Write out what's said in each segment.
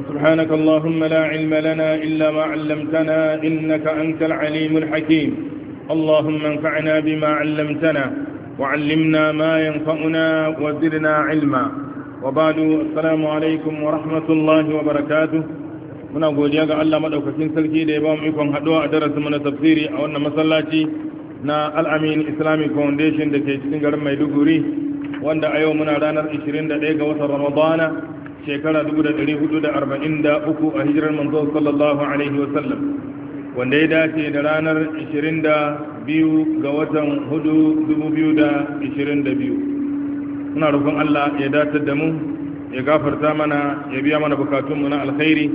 فسبحانك اللهم لا علم لنا إلا ما علمتنا إنك أنت العليم الحكيم اللهم انفعنا بما علمتنا وعلمنا ما ينفعنا وزرنا علما وبعد السلام عليكم ورحمة الله وبركاته muna godiya ga Allah madaukakin sarki da ya ba mu ikon haɗuwa a darasin mana tafsiri a wannan masallaci na al Islamic Foundation da ke cikin garin Maiduguri wanda a yau muna ranar 21 ga watan Ramadana shekara uku a hijirar manzo sallallahu alaihi sallam wanda ya dace da ranar da biyu ga watan hudu dubu biyu da da biyu muna roƙon Allah ya datar da mu ya gafarta mana ya biya mana bukatunmu na alkhairi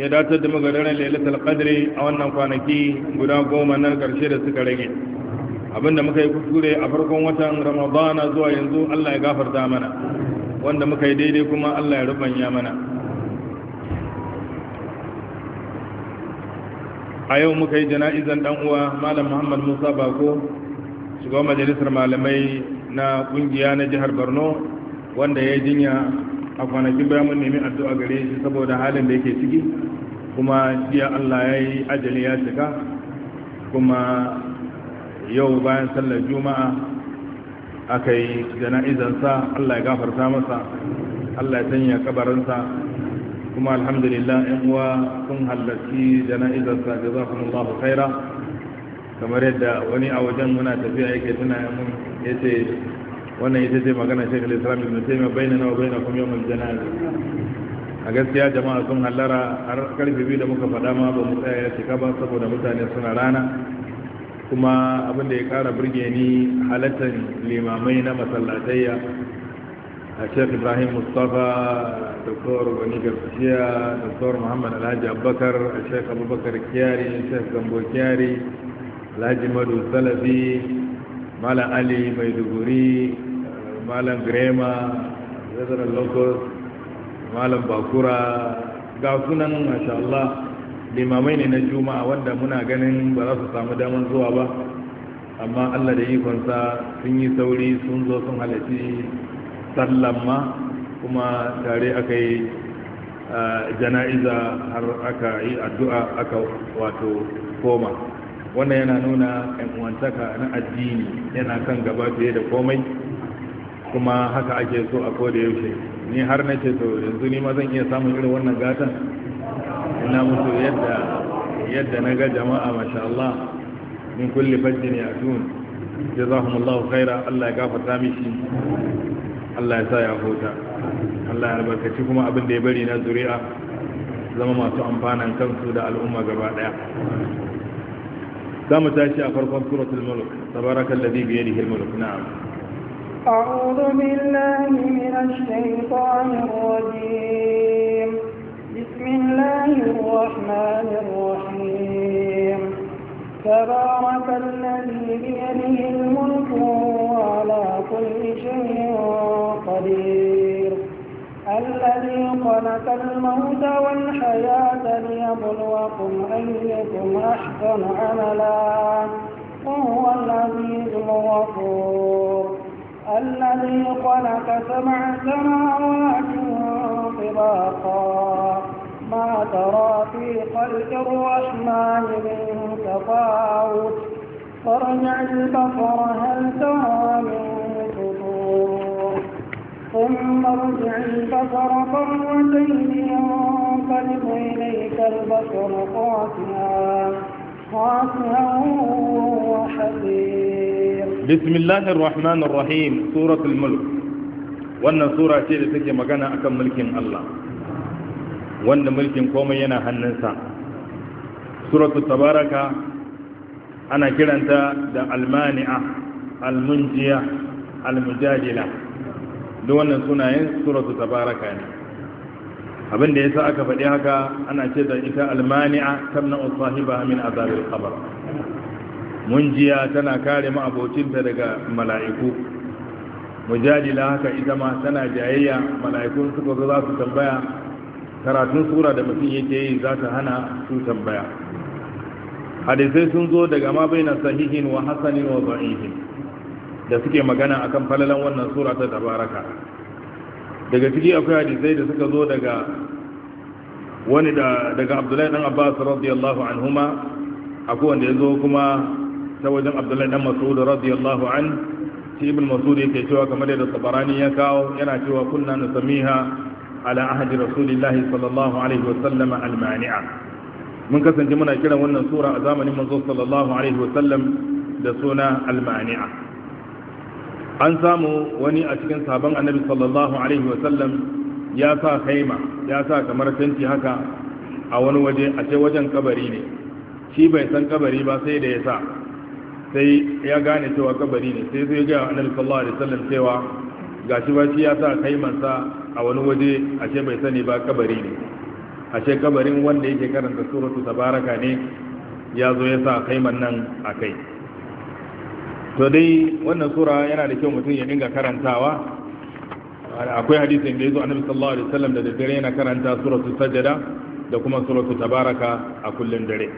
ya datar da mu ga daren lailatul qadri a wannan kwanaki guda goma na karshe da suka rage abinda muka yi kuskure a farkon watan ramadana zuwa yanzu Allah ya gafarta mana wanda muka yi daidai kuma Allah ya rubanya mana a yau muka yi jana'izan dan uwa malam Muhammad Musa Bako shiga majalisar malamai na kungiya na jihar Borno wanda ya jinya a kwanakin bayan mun nemi addu'a gare shi saboda halin da yake ciki kuma jiya Allah ya yi ajali ya cika kuma yau bayan sallar juma'a aka yi jana'izansa allah ya gafarta masa allah ya sanya kabarinsa kuma alhamdulillah yan uwa sun halarci jana'izarsa da za kuma allahu khaira kamar yadda wani a wajen muna tafiya yake tuna mun ya ce wannan ya ce magana shekul islam ibn taimiyya bayna nawa bayna kuma yawon jana'iza a gaskiya jama'a sun hallara har karfe biyu da muka faɗa ma ba mu tsaya ya cika ba saboda mutane suna rana kuma abin da ya kara burge ni halattar limamai na masallatayya a shek ibrahim mustapha doktor wani garfiya doktor muhammad alhaji abubakar a shek abubakar kiyari shek gambo kiyari alhaji madu salafi malam ali maiduguri malam grema zazarar locust malam bakura ga sunan mashallah limamai ne na juma'a wanda muna ganin ba za su samu damar zuwa ba amma allah da ikonsa sun yi sauri sun zo sun halarci sallan ma kuma tare aka yi jana'iza har aka yi addu'a aka wato koma wannan yana nuna uwantaka na addini yana kan gaba fiye da komai kuma haka ake so a koda yaushe ni har na ce yanzu ni ma zan iya samun irin wannan gatan ina musu yadda na ga jama'a masha Allah min kulli fajjin ya tun jazakumullahu khaira Allah ya gafarta mishi Allah ya sa ya huta Allah ya albarkaci kuma abin da ya bari na zuri'a zama masu amfanan kansu da al'umma gaba daya mu tashi a farkon suratul mulk da bi yadihi al-mulk na'am أعوذ بالله من الشيطان الرجيم بسم الله الرحمن الرحيم تبارك الذي بيده الملك وعلى كل شيء قدير الذي خلق الموت والحياة ليبلوكم أيكم أحسن عملا وهو العزيز الغفور الذي خلق سبع سماوات طباقا ما ترى في خلق الرحمن من تفاوت فارجع البصر هل ترى من فطور ثم ارجع البصر مرتين ينقلب إليك البصر خاسئا خاسئا وحسير بسم الله الرحمن الرحيم سورة الملك wannan sura ce da take magana akan mulkin Allah wanda mulkin komai yana hannunsa suratu tabaraka ana kiranta da almani'a almunjiya almujadila duk wannan sunayen suratu tabaraka ne abinda yasa aka faɗi haka ana ce da ita almani'a tamna usahiba min azabil qabr munjiya tana kare mu abocinta daga mala'iku mujadila haka ita ma tana jayayya mala'ikun suka zo za su tambaya karatun sura da mutum yake yi za ta hana su tambaya. hadisai sun zo daga ma baina sahihin wa hasanin wa da'ihin da suke magana akan falalan wannan sura ta tabaraka daga ciki akwai hadisai da suka zo daga wani daga abdullahi dan abbas radiyallahu anhuma akwai wanda ya zo kuma ta wajen abdullahi dan mas'ud radiyallahu an ibn mas'ud yake cewa kamar da tabarani ya kawo yana cewa kunna nusamiha ala ahadi rasulillahi sallallahu alaihi wa sallama al-mani'a mun kasance muna kiran wannan sura a zamanin manzo sallallahu alaihi wa sallam da suna al an samu wani a cikin sabon annabi sallallahu alaihi wa sallam ya sa kaima ya sa kamar tanti haka a wani waje a ce wajen kabari ne shi bai san kabari ba sai da ya sa sai ya gane cewa kabari ne sai zai ga annabi sallallahu alaihi wasallam cewa shi ba shi ya sa kai mansa a wani waje ashe bai sani ba kabari ne ashe kabarin wanda yake karanta suratu tabaraka ne ya zo ya sa kaiman nan a kai to dai wannan sura yana da kyau mutum ya dinga karantawa akwai hadisin da ya zo annabi sallallahu alaihi wasallam da daddare yana karanta suratu sajada da kuma suratu tabaraka a kullun dare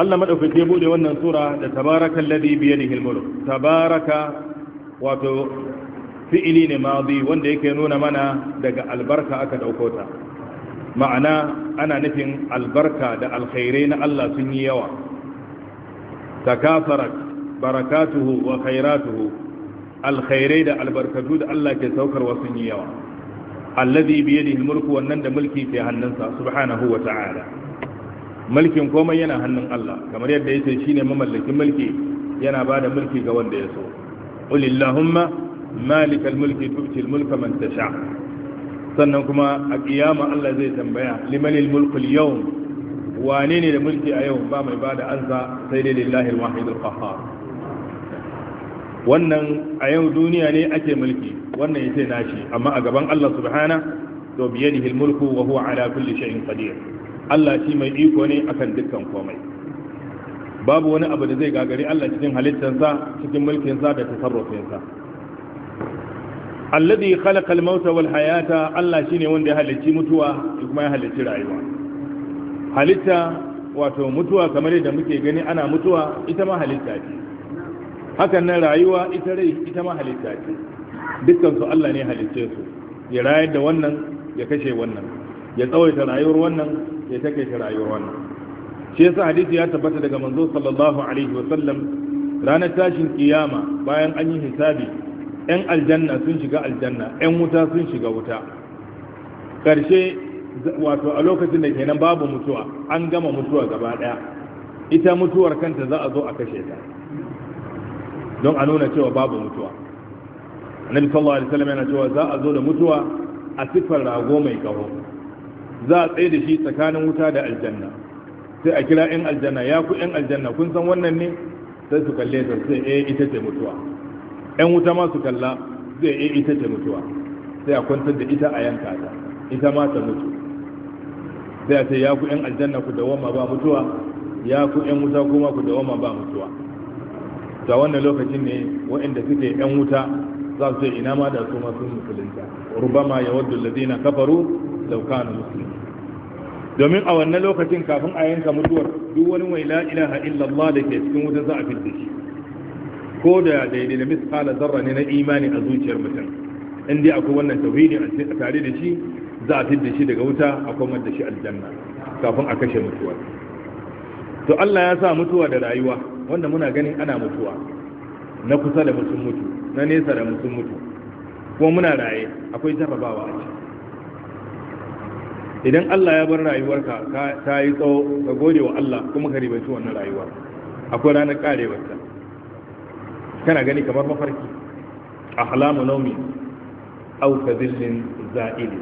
Allah madaukake bude wannan sura da tabaraka alladhi bi yadihi al-mulk tabaraka wato fi'ili ne madi wanda yake nuna mana daga albarka aka dauko ta ma'ana ana nufin albarka da alkhairai na Allah sun yi yawa ta takasarat barakatuhu wa khairatuhu alkhairai da albarkatu da Allah ke saukarwa sun yi yawa alladhi bi yadihi almulku wannan da mulki ke hannunsa subhanahu wa ta'ala mulkin komai yana hannun Allah kamar yadda yake shine mamallakin mulki yana bada mulki ga wanda ya so qul illahumma malikal mulki tu'ti al mulka man sannan kuma a kiyama Allah zai tambaya limanil mulku yawm wane ne da mulki a yau ba mai bada ansa sai dai lillahi al wahid wannan a yau duniya ne ake mulki wannan yace nashi amma a gaban Allah subhana to biyadihi al mulku wa huwa ala kulli shay'in qadir Allah shi mai iko ne akan dukkan komai babu wani abu da zai gagari Allah cikin halittarsa cikin mulkinsa da tasarrufinsa alladhi khalaqa al-mauta wal hayata Allah shine wanda ya halicci mutuwa kuma ya halicci rayuwa halitta wato mutuwa kamar yadda muke gani ana mutuwa ita ma halitta ce hakan nan rayuwa ita rai ita ma halitta ce dukkan su Allah ne halicce su ya rayar da wannan ya kashe wannan ya tsawaita rayuwar wannan ya take rayuwar wannan shi yasa hadisi ya tabbata daga manzo sallallahu alaihi wa sallam ranar tashin kiyama bayan an yi hisabi yan aljanna sun shiga aljanna yan wuta sun shiga wuta karshe wato a lokacin da kenan babu mutuwa an gama mutuwa gaba daya ita mutuwar kanta za a zo a kashe ta don a nuna cewa babu mutuwa annabi sallallahu alaihi wasallam yana cewa za a zo da mutuwa a sifar rago mai kaho za a tsaye da shi tsakanin wuta da aljanna sai a kira yan aljanna ya ku yan aljanna kun san wannan ne sai su kalle ta sai eh ita ce mutuwa yan wuta ma su kalla sai eh ita ce mutuwa sai a kwantar da ita a yanka ta ita ma ta mutu sai a ce ya ku yan aljanna ku dawama ba mutuwa ya ku yan wuta kuma ku dawama ba mutuwa ta wannan lokacin ne waɗanda suke yan wuta za su ce ina ma da su ma sun musulunta rubama yawaddu alladhina kafaru law kanu muslimin domin a wannan lokacin kafin a yanka mutuwar duk wani mai la ilaha illallah da ke cikin wuta za a fidda shi ko da daidai da zarra ne na imani a zuciyar mutum in dai akwai wannan tauhidi a tare da shi za a fidda shi daga wuta a komar da shi aljanna kafin a kashe mutuwa to Allah ya sa mutuwa da rayuwa wanda muna ganin ana mutuwa na kusa da mutum mutu na nesa da mutum mutu kuma muna raye akwai jarrabawa a ciki idan Allah ya bar rayuwarka ta yi tsawo ka gode wa Allah kuma ka ribaci wannan rayuwa akwai ranar karewarta kana gani kamar mafarki ahlamu naumi aw zillin za'ili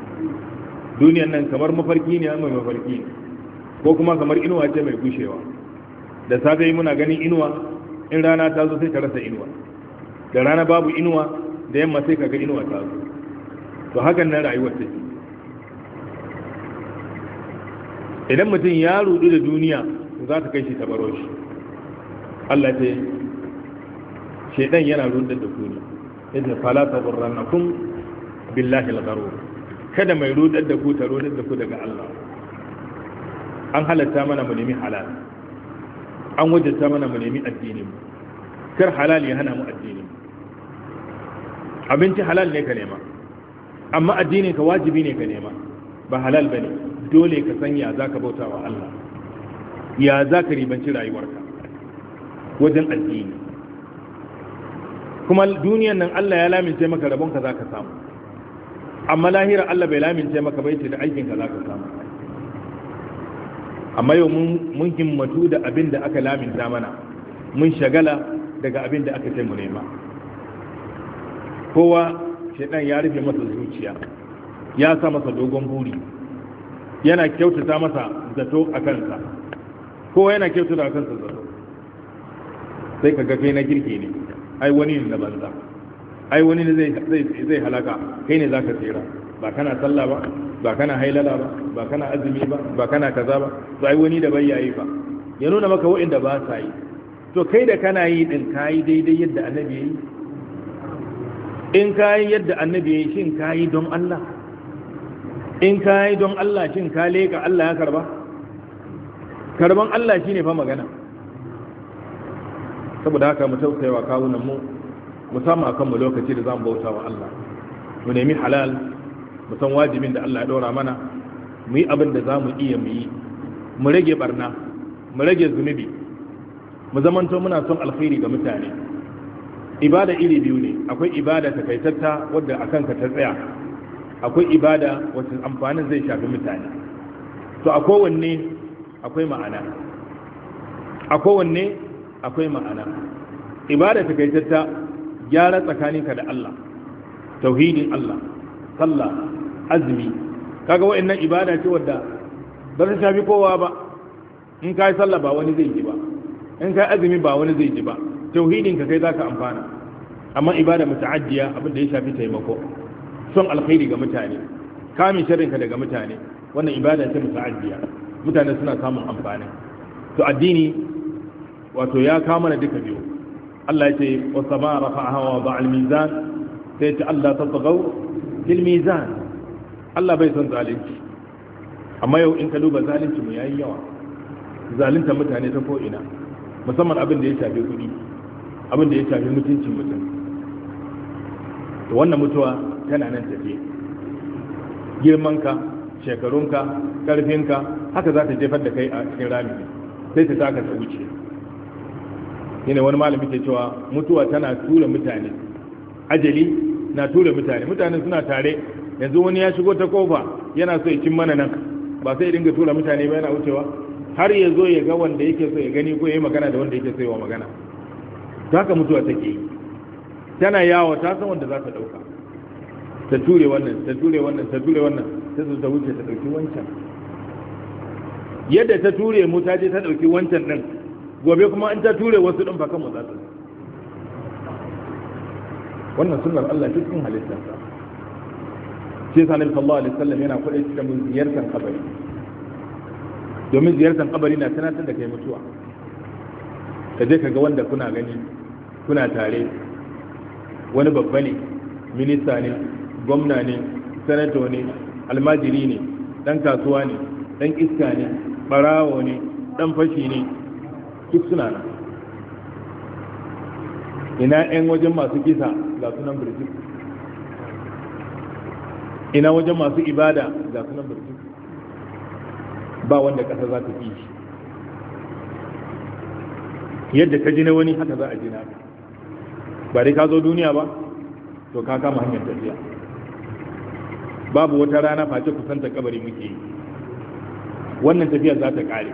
duniyan nan kamar mafarki ne mai mafarki ne ko kuma kamar inuwa ce mai gushewa da safe muna ganin inuwa in rana ta zo sai ka rasa inuwa da rana babu inuwa da yamma sai ka ga inuwa ta zo to hakan nan rayuwar take idan mutum ya rudu da duniya za ta kai shi ta baro shi Allah ce shedan yana rudar da ku ne yadda fala ta burranna kun billahi al-gharur kada mai rudar da ku ta rudar da ku daga Allah an halatta mana mu nemi halal an wajenta mana mu nemi addinin kar halal ya hana mu addinin abinci halal ne ka nema amma addinin ka wajibi ne ka nema ba halal bane dole ka san ya za ka bauta wa Allah ya za ka ribanci rayuwarka wajen addini kuma duniyan nan Allah ya lamince maka rabonka za ka samu amma lahira Allah bai lamince maka bai ce da aikinka za ka samu amma yau mun himmatu da abin da aka laminta mana mun shagala daga abin da aka mu nema kowa shaidan ya rufe masa zuciya ya sa masa dogon buri yana kyautata masa zato a kansa kowa yana kyautata a kansa zato sai ka ga kai na kirki ne ai wani ne na banza ai wani ne zai halaka kai ne za ka tsira ba kana sallah ba ba kana hailala ba ba kana azumi ba ba kana kaza ba to ai wani da bai yayi ba ya nuna maka wa'inda ba sa yi to kai da kana yi din yi daidai yadda annabi yayi in yi yadda annabi yayi shin yi don Allah in ka yi don Allah cin ka leka Allah ya karba karban Allah shi ne fa magana saboda haka mu tausayawa kawunan mu musamman akan mu lokaci da zamu bauta wa Allah mu nemi halal mu san wajibin da Allah ya dora mana mu yi abin da zamu iya mu yi mu rage barna mu rage zunubi mu zamanto muna son alkhairi ga mutane ibada iri biyu ne akwai ibada takaitatta wadda akan ka ta tsaya akwai ibada wacce amfanin zai shafi mutane to a kowanne akwai ma'ana a kowanne akwai ma'ana ibada takaitatta gyara tsakaninka da Allah tauhidin Allah sallah azumi kaga wa'annan ibada ce wadda ba ta shafi kowa ba in kai sallah ba wani zai ji ba in kai azumi ba wani zai ji ba tauhidin ka kai zaka amfana amma ibada muta'addiya abin da ya shafi taimako son alkhairi ga mutane kamin sharrinka daga mutane wannan ibada ce muta'addiya mutane suna samun amfani to addini wato ya kama na duka biyu Allah ya ce wa sama rafa'aha wa ba'al mizan sai ta Allah ta tsagau fil mizan Allah bai son zalunci amma yau in ka duba zalunci mu yayi yawa zalunta mutane ta ko ina musamman abin da ya shafi kuɗi abin da ya shafi mutuncin mutum to wannan mutuwa tana nan tafiye girmanka shekarunka karfinka haka za ta jefar da kai a cikin rami sai ta saka ta wuce yana wani malami ke cewa mutuwa tana tura mutane ajali na tura mutane mutane suna tare yanzu wani ya shigo ta kofa yana so ya cin mana nan ba sai dinga tura mutane ba yana wucewa har ya zo ya ga wanda yake so ya gani ko ya yi magana da wanda yake so ya wa magana ta haka mutuwa take yi tana yawo ta san wanda za ta ɗauka ta ture wannan ta ture wannan ta ture wannan ta zo ta wuce ta dauki wancan yadda ta ture mu ta je ta ɗauki wancan din gobe kuma an ta ture wasu ɗin fa kanmu za su wannan sunnar Allah ta cikin halittarsa sai sanin sallallahu alaihi wasallam yana kuɗe cikin mun ziyartar kabari domin ziyartar kabari na sanatar da kai mutuwa ka je ka ga wanda kuna gani kuna tare wani babba ne minista ne gwamna ne sanato ne almajiri ne dan kasuwa ne dan iska ne barawo ne dan fashi ne duk suna nan ina 'yan wajen masu kisa ga sunan birjik ina wajen masu ibada ga sunan birjik ba wanda kasa za ta fi shi yadda ka ji na wani haka za a ji na ba dai ka zo duniya ba to ka kama hanyar tafiya babu wata rana face kusanta kabari muke yi wannan tafiyar za ta kare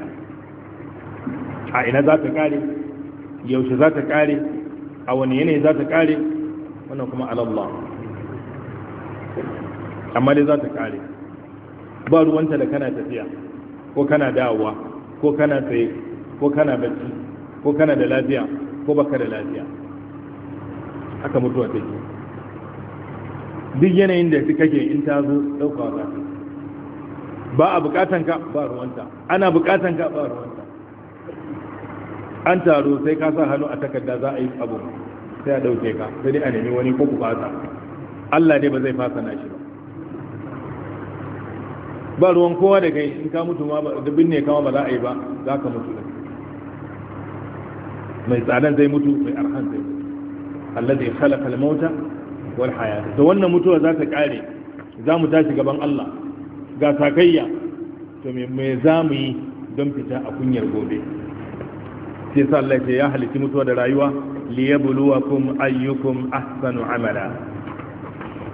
a ina za ta kare yaushe za ta kare a wani yanayi za ta kare wannan kuma alallah amma dai za ta kare ba ruwanta da kana tafiya ko kana dawowa ko kana tsaye ko kana bacci ko kana da lafiya ko baka da lafiya haka mutuwa take duk yanayin da su kake in ta zo ɗauka za ta ba a buƙatan ka ba ruwanta ana buƙatan ka ba ruwanta an taro sai ka sa hannu a takarda za a yi abu sai a ɗauke ka sai dai a nemi wani ko ku fasa Allah dai ba zai fasa na shi ba ba ruwan kowa da kai in ka mutu ma da binne kama ba za a yi ba za ka mutu da mai tsadan zai mutu mai arhan zai mutu zai khalaqa al-mauta wal hayat da wannan mutuwa za ta kare za mu tashi gaban Allah ga sakayya to me za mu yi don fita a kunyar gobe sai sa Allah ya halitti mutuwa da rayuwa liyabluwakum ayyukum ahsanu amala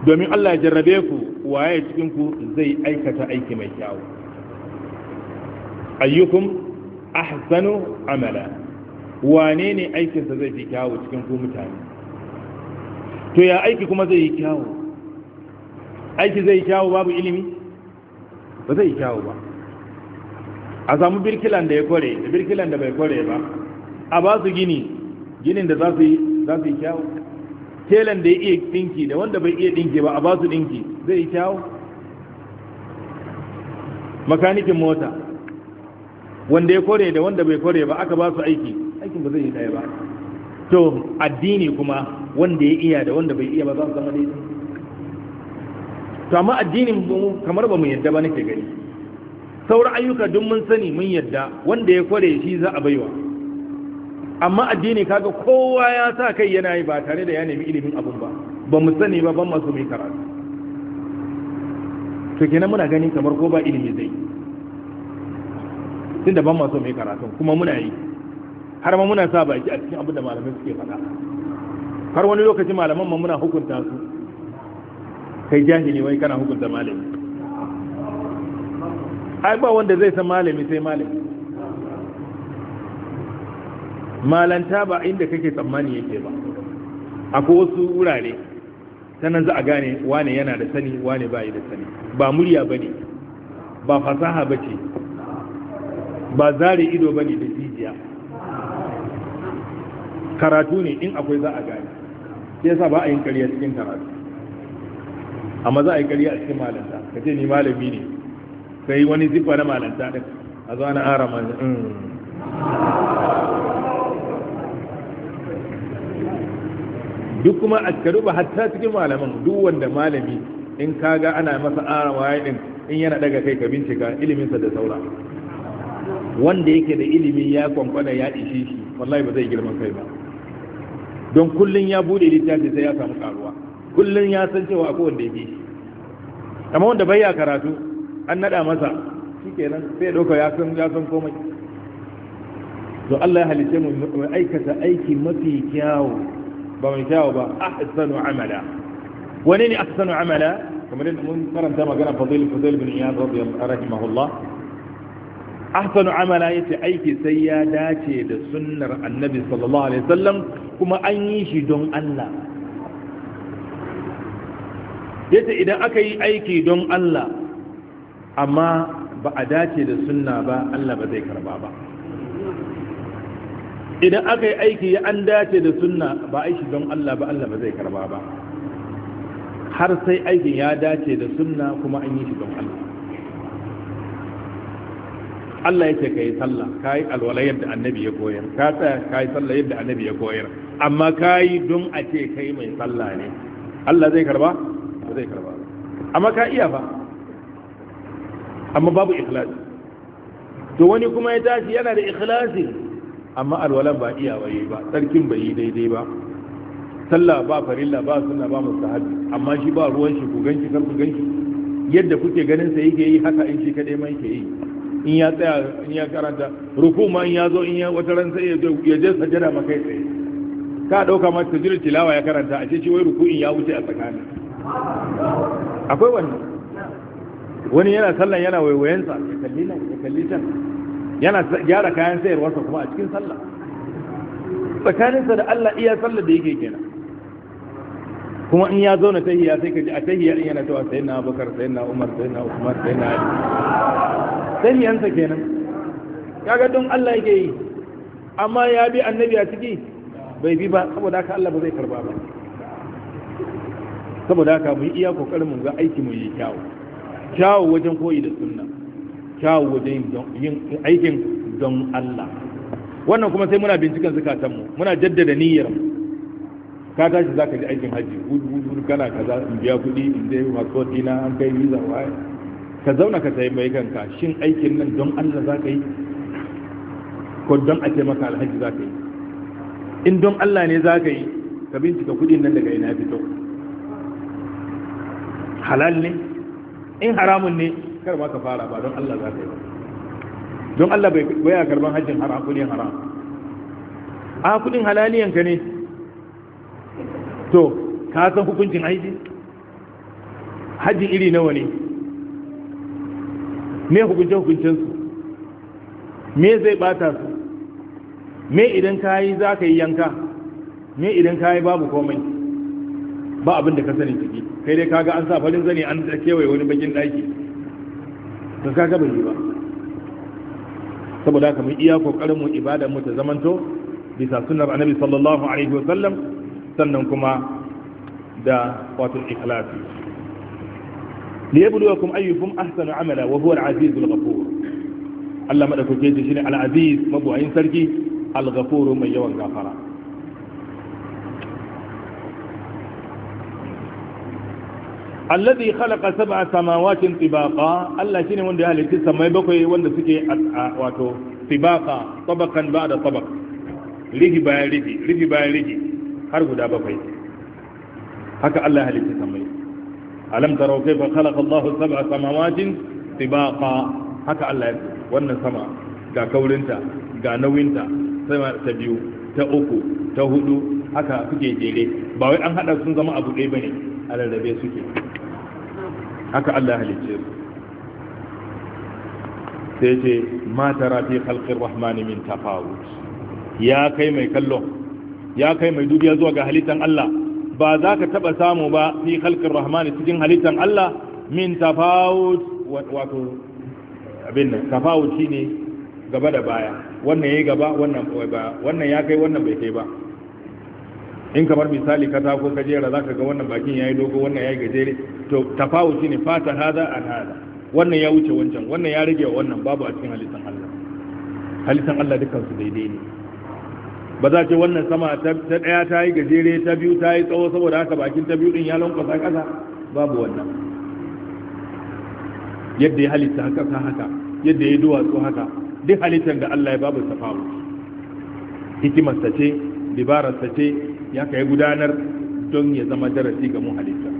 domin Allah ya jarrabe ku waye cikin ku zai aikata aiki mai kyau ayyukum ahsanu amala wane ne aikinsa zai fi kyawu cikin ku mutane to ya aiki kuma zai yi kyawu aiki zai yi kyawu babu ilimi ba zai yi kyawu ba a samu birkilan da ya kware, da birkilan da bai kware ba a ba su gini ginin da za su yi kyawu telan da ya iya dinki da wanda bai iya dinki ba a ba su dinki zai yi kyawu makanikin mota wanda ya kware da wanda bai kware ba aka ba su aiki aikin ba zai yi ɗaya ba to addini kuma wanda ya iya da wanda bai iya ba za su zama daidai to amma addinin mu kamar ba mu yadda ba nake gani sauran ayyuka duk mun sani mun yadda wanda ya kware shi za a baiwa amma addini kaga kowa ya sa kai yana yi ba tare da ya nemi ilimin abun ba ba mu sani ba ban masu mai karatu to kenan muna gani kamar ko ba ilimi zai tunda ban masu mai karatu kuma muna yi har ma muna sa baki a cikin abin da malamai suke faɗa har wani lokaci malaman ma muna hukunta su kai jahili wai kana hukunta malami ai ba wanda zai san malami sai malami malanta ba inda kake tsammani yake ba akwai wasu wurare sanan za a gane wane yana da sani wane ba da sani ba murya ba ne ba fasaha ba ce ba zare ido ba ne da jijiya karatu ne in akwai za a gane sai yasa ba a yin kariya cikin karatu amma za a yi kariya a cikin malanta ka ce ni malami ne ka yi wani zifa na malanta ɗin a zo ana ara man mm. duk kuma a karu ba hatta cikin malaman duk wanda malami in ka ga ana masa ara waye din in yana daga kai ka bincika iliminsa da saura wanda yake da ilimi ya kwankwada ya ishe shi wallahi ba zai girman kai ba don kullun ya bude littafi sai ya samu karuwa kullun ya san cewa akwai wanda ya bi shi amma wanda bai ya karatu an nada masa shikenan sai doka ya san ya san komai to Allah ya halice mu mu aikata aiki mafi kyawu ba mai kyawu ba ahsanu amala wani ne ahsanu amala kamar yadda mun karanta magana fadil fadil bin iyad radiyallahu anhu ahsanu amala yace aiki sai ya dace da sunnar annabi sallallahu alaihi wasallam kuma an yi shi don Allah yace idan aka yi aiki don Allah amma ba a dace da sunna ba Allah ba zai karba ba idan aka yi aiki ya an dace da sunna ba a shi don Allah ba Allah ba zai karba ba har sai aikin ya dace da sunna kuma an yi shi don Allah Allah yake yi sallah ka yi alwala yadda annabi ya koyar ka tsaya ka yi sallah yadda annabi ya koyar amma ka yi don a ce kai mai sallah ne Allah zai karba ba zai karba amma ka iya ba amma babu ikhlasi to wani kuma ya tashi yana da ikhlasi amma alwalan ba iya waye ba sarkin bai yi daidai ba sallah ba farilla ba sunna ba mustahabi amma shi ba ruwan shi ku ganki kar ku ganki yadda kuke ganin sa yake yi haka in shi kadai ma yake yi in ya tsaya in ya karanta ruku ma in ya zo in ya wata ran sai ya je sajada ma kai tsaye ka dauka ma tajir tilawa ya karanta a ce shi wai in ya wuce a tsakani akwai wani wani yana sallan yana waiwayensa ya kalli nan ya kalli can yana gyara kayan sayarwarsa kuma a cikin sallah tsakaninsa da Allah iya sallar da yake kenan kuma in ya zauna tahiya sai ka ji a tahiya din yana cewa bakar sai na Umar sai na Usman na Ali tahiyansa kenan kaga don Allah yake yi amma ya bi annabi a ciki bai bi ba saboda haka Allah ba zai karba ba saboda haka mu iya kokarin mu ga aiki mu yi kyawu kyawu wajen koyi da sunna kyawu wajen yin aikin don Allah wannan kuma sai muna binciken zukatanmu muna jaddada niyyar mu ka tashi za ka ji aikin hajji hudu kana kaza in biya kuɗi in dai masu ina an kai visa waye ka zauna ka sayi mai kanka shin aikin nan don Allah za ka yi ko don a maka alhaji za ka yi in don Allah ne za ka yi ka bincika kuɗin nan daga ina fito halal ne in haramun ne kar ma ka fara ba don Allah za ka yi don Allah bai ya karban hajjin haram kuɗin haram a kuɗin halaliyanka ne to ka san hukuncin haji haji iri nawa ne me hukuncin su me zai bata su me idan ka yi za ka yi yanka me idan ka yi babu komai ba abin da ka sani ciki kai dai kaga an sa farin zane an kewaye wani bakin daki ka ga bai yi ba saboda kamar iya kokarin mu ibada mu ta zamanto bisa sunnar annabi sallallahu alaihi wa sallam sannan kuma da wato ikhlasi li yabluwakum ayyukum ahsanu amala wa huwa al-azizul ghafur Allah madaukake shi shine al-aziz mabuwayin sarki al-ghafur mai yawan gafara alladhi khalaqa sab'a samawatin tibaqa Allah shine wanda ya halitta samai bakwai wanda suke wato tibaqa tabaqan ba'da tabaq rigi bayan rigi rigi bayan rigi har guda bakwai haka Allah ya halitta samai alam tarau kaifa khalaqa Allahu sab'a samawatin tibaqa haka Allah ya wannan sama ga kaurinta ga nauyinta sama ta biyu ta uku ta hudu haka suke jere ba wai an hada sun zama abu ɗaya bane a rarrabe suke haka Allah ya halicce su sai ce ma tara fi khalqir rahmani min tafawut ya kai mai kallon ya kai mai dubiya zuwa ga halittan Allah ba za ka taba samu ba fi halkar rahmani cikin halittan Allah min tafawut wato abin nan tafawut ne gaba da baya wannan ya yi gaba wannan ba wannan ya kai wannan bai kai ba in kamar misali katako ka jera ka ga wannan bakin ya yi dogo wannan ya yi gajere to tafawut ne fata hada an hada wannan ya wuce wancan wannan ya rage wannan babu a cikin halittan Allah halittan Allah dukkan su daidai ne ba za ce wannan sama ta ɗaya ta yi gajere ta biyu ta yi tsawo saboda haka bakin ta biyu ɗin ya lankwasa ƙasa babu wannan yadda ya halitta haka ta haka yadda ya duwatsu haka duk halittar da Allah ya babu safawo hikimarsa ce dibararsa ce ya kai gudanar don ya zama darasi ga mu halitta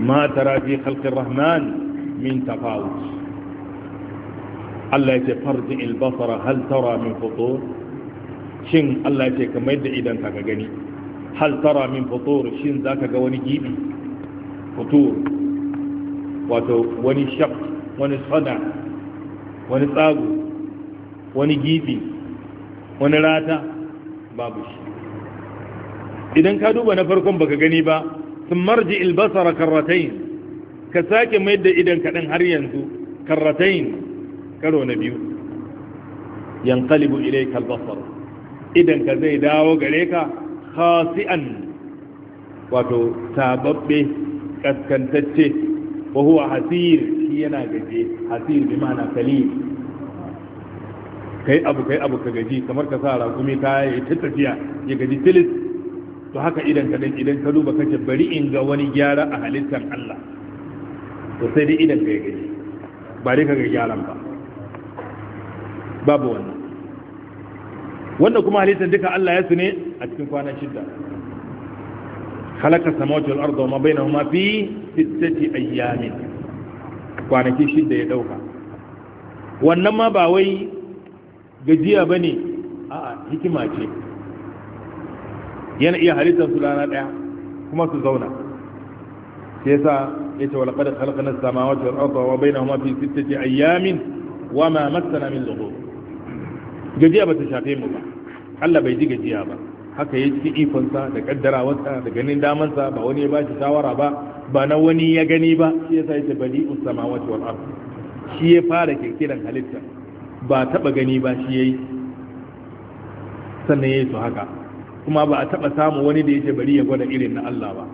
ma tara fi khalqir rahman min tafawut Allah ya ce farji al-basara hal tara min futur shin Allah ya ce ka mayar da idan ka gani hal tara min futur shin zaka ga wani gibi futur wato wani shaq wani sada wani tsago wani gibi wani rata babu shi idan ka duba na farkon baka gani ba sun marji albasara karratain ka sake mayar da idan kaɗan har yanzu karratain karo na biyu yankalibu ilai kalbasar idan ka zai dawo gare ka khasi'an wato tababbe kaskantacce wa huwa hasir shi yana gaje hasir bi ma'ana kalil kai abu kai abu ka gaji kamar ka sa raƙumi kaya ya ta tafiya ya gaji tilis to haka idan ka idan ka duba kace bari in ga wani gyara a halittar Allah to sai dai idan ka gaji ba dai ka ga gyaran ba babu wannan wanda kuma halittar duka Allah ya sune a cikin kwanan shidda. halaka samawati wal arda ma bainahuma mafi sittati ayyamin kwanaki shidda ya dauka wannan ma ba wai gajiya ba ne. a hikima ce yana iya halittar su rana ɗaya kuma su zauna sai yasa yace wal qad khalaqna as-samawati wal arda wa bainahuma fi sittati ayyamin wa ma massana min lughub gajiya ba ta shafe mu ba Allah bai ji gajiya ba haka ya ci ikonsa da kaddarawarsa da ganin damansa ba wani ya bashi shawara ba ba na wani ya gani ba shi ya yasa bari bali samawati wal ard shi ya fara kirkiran halitta ba taba gani ba shi yayi sannan yayi su haka kuma ba a taba samu wani da yake bari ya gwada irin na Allah ba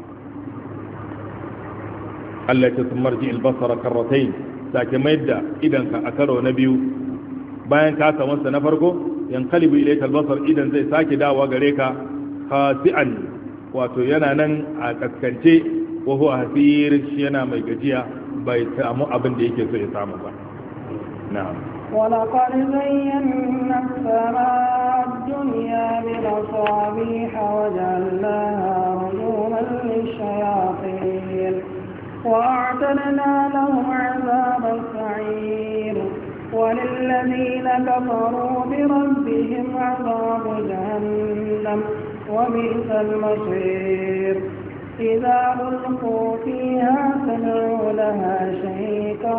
Allah ya ce albasara karratain sake mai da ka a karo na biyu bayan ka samu na farko yanqalibu ilayka talbasar idan zai sake dawo gare ka khasi'an wato yana nan a kaskance wa a hasir shi yana mai gajiya bai samu abin da yake so ya samu ba na'am ولقد زينا السماء الدنيا بمصابيح وجعلناها رجوما للشياطين وأعتدنا لهم ma'azabar السعير وللذين كفروا بربهم عذاب جهنم وبئس المصير إذا ألقوا فيها سمعوا لها شهيكا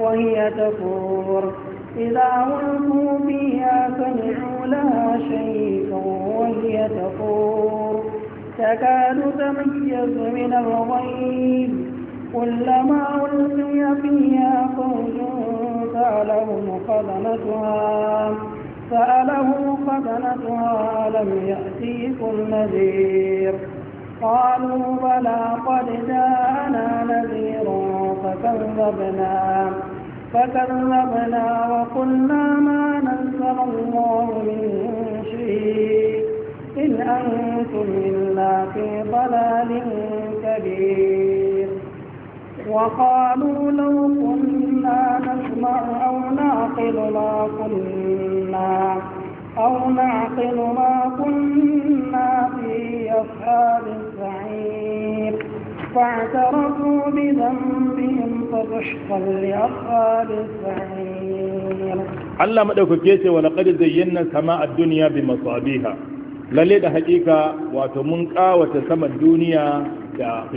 وهي تفور إذا ألقوا فيها سمعوا لها شهيكا وهي تفور تكاد تميز من الغيب كلما ألقي فيها فوج سألهم خزنتها سألهم خزنتها لم يأتيكم نذير قالوا بلى قد جاءنا نذير فكذبنا فكذبنا وقلنا ما نزل الله من شيء إن أنتم إلا في ضلال كبير وقالوا لو كنا نسمع أو نعقل ما كنا أو نعقل ما كنا في أصحاب السعير فاعترفوا بذنبهم فبشقا لأصحاب السعير الله مدعوك كيس ولقد زينا سماء الدنيا بمصابيها للي ده حقيقة واتمنك وتسمى الدنيا da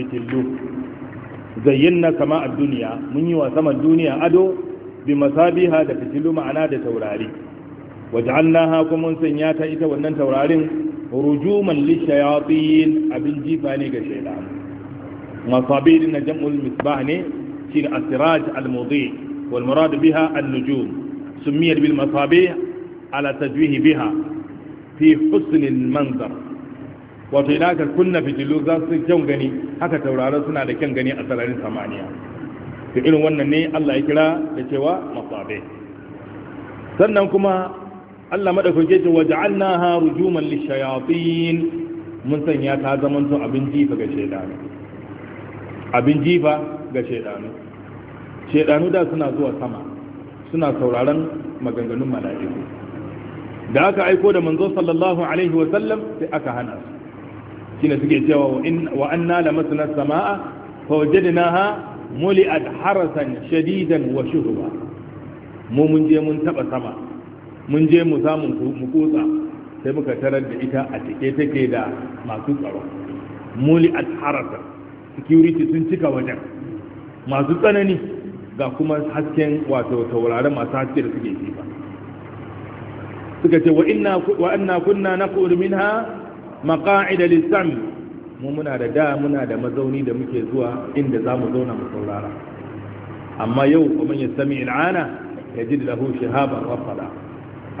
zayyana kama a duniya mun yi wa saman duniya ado bi masabiha da fitilu ma'ana da taurari waj'alnaha kuma mun sanya ta ita wannan taurarin rujuman lishayatin abin jifa ne ga shaytan masabir na jam'ul misba ne shi asiraj al-mudi wal murad biha an-nujum miyar bil masabih ala tajwih biha fi husn al-manzar wato idan aka kunna fitilu za su kyan gani haka tauraro suna da kyan gani a sararin samaniya da irin wannan ne Allah ya kira da cewa masabe sannan kuma Allah madaukake ce wa ja'alnaha rujuman lishayatin mun sanya ta zamanto abin jifa ga shedanu abin jifa ga shedanu shedanu da suna zuwa sama suna sauraron maganganun mala'iku da aka aiko da manzo sallallahu alaihi wa sallam sai aka hana su shine suke cewa wa anna lamasna samaa fa wajadnaha muli'at harasan shadidan wa shuhuba mu mun je mun taba sama mun je mu samu mu kotsa sai muka tarar da ita a cike take da masu tsaro muli'at harasan security sun cika wajen masu tsanani ga kuma hasken wato tauraron masu haske da suke ba suka ce wa inna kunna naqulu minha maqa'ida lis-sam mu muna da da muna da mazauni da muke zuwa inda zamu zauna mu saurara amma yau kuma ya sami al'ana yajid lahu shihaba wa fala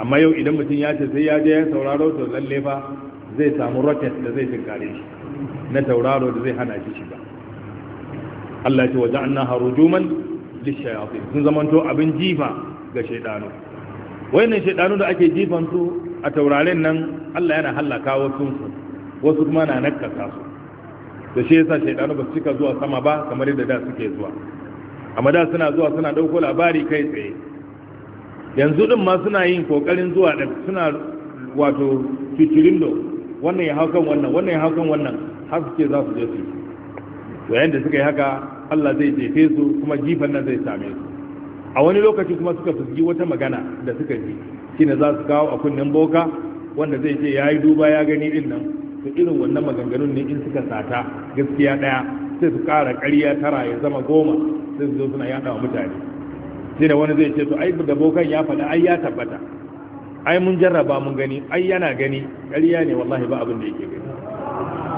amma yau idan mutum ya ce sai ya je ya sauraro to lalle fa zai samu rocket da zai tinkare shi na tauraro da zai hana shi shiga Allah ya ce waja'annaha juman, lishayatin sun zamanto abin jifa ga shaydanu wayannan shaydanu da ake jifan su a taurarin nan Allah yana hallaka wasu wasu kuma na nakasa su da shi yasa shaidanu ba su cika zuwa sama ba kamar yadda da suke zuwa amma da suna zuwa suna dauko labari kai tsaye yanzu din ma suna yin kokarin zuwa da suna wato cicirindo wannan ya haukan wannan wannan ya haukan wannan har suke za su je su to yayin da suka yi haka Allah zai jefe su kuma jifan nan zai same su a wani lokaci kuma suka fusgi wata magana da suka ji shine za su kawo a kunnen boka wanda zai ce ya yi duba ya gani din nan irin wannan maganganun ne in suka sata gaskiya daya sai su kara ƙarya tara ya zama goma sai su zo suna yada wa mutane sai da wani zai ce to ai da bokan ya faɗa ai ya tabbata ai mun jarraba mun gani ai yana gani ƙarya ne wallahi ba abin da yake gani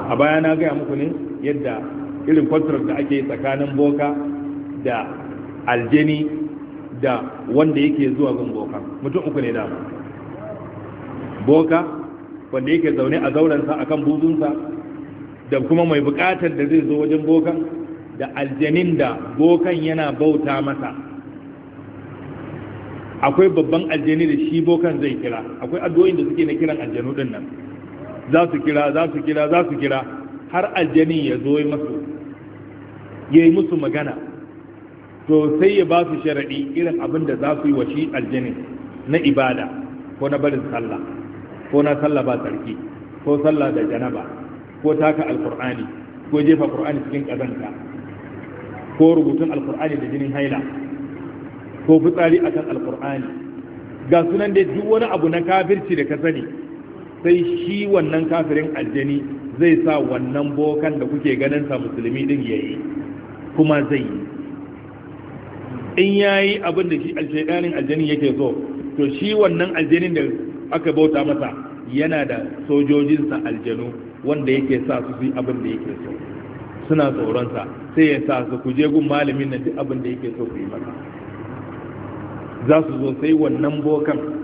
a baya na gaya muku ne yadda irin contract da ake tsakanin boka da aljini da wanda yake zuwa gun boka mutum uku ne da boka wanda yake zaune a zaurensa akan buzunsa da kuma mai bukatar da zai zo wajen bokan da aljanin da bokan yana bauta masa akwai babban aljani da shi bokan zai kira akwai addu'o'in da suke na kiran aljanu din nan za su kira za su kira za su kira har aljanin ya zo masu ya yi musu magana to sai ya ba su sharaɗi irin abin da za su yi wa shi aljini na ibada ko na barin sallah ko na sallah ba tsarki ko sallah da janaba ko taka alkur'ani ko jefa qur'ani cikin kazanta ko rubutun alkur'ani da jinin haila ko fitsari a kan alkur'ani ga sunan da duk wani abu na kafirci da ka sani sai shi wannan kafirin aljini zai sa wannan bokan da kuke ganin sa musulmi din yayi kuma zai yi in ya yi abin da shi aljanin aljani yake so to shi wannan aljanin da aka bauta masa yana da sojojinsa aljanu wanda yake sa su fi abin da yake so suna tsoronsa sai ya sa su kuje gun malamin nan duk abin da yake so su yi masa za su zo sai wannan bokan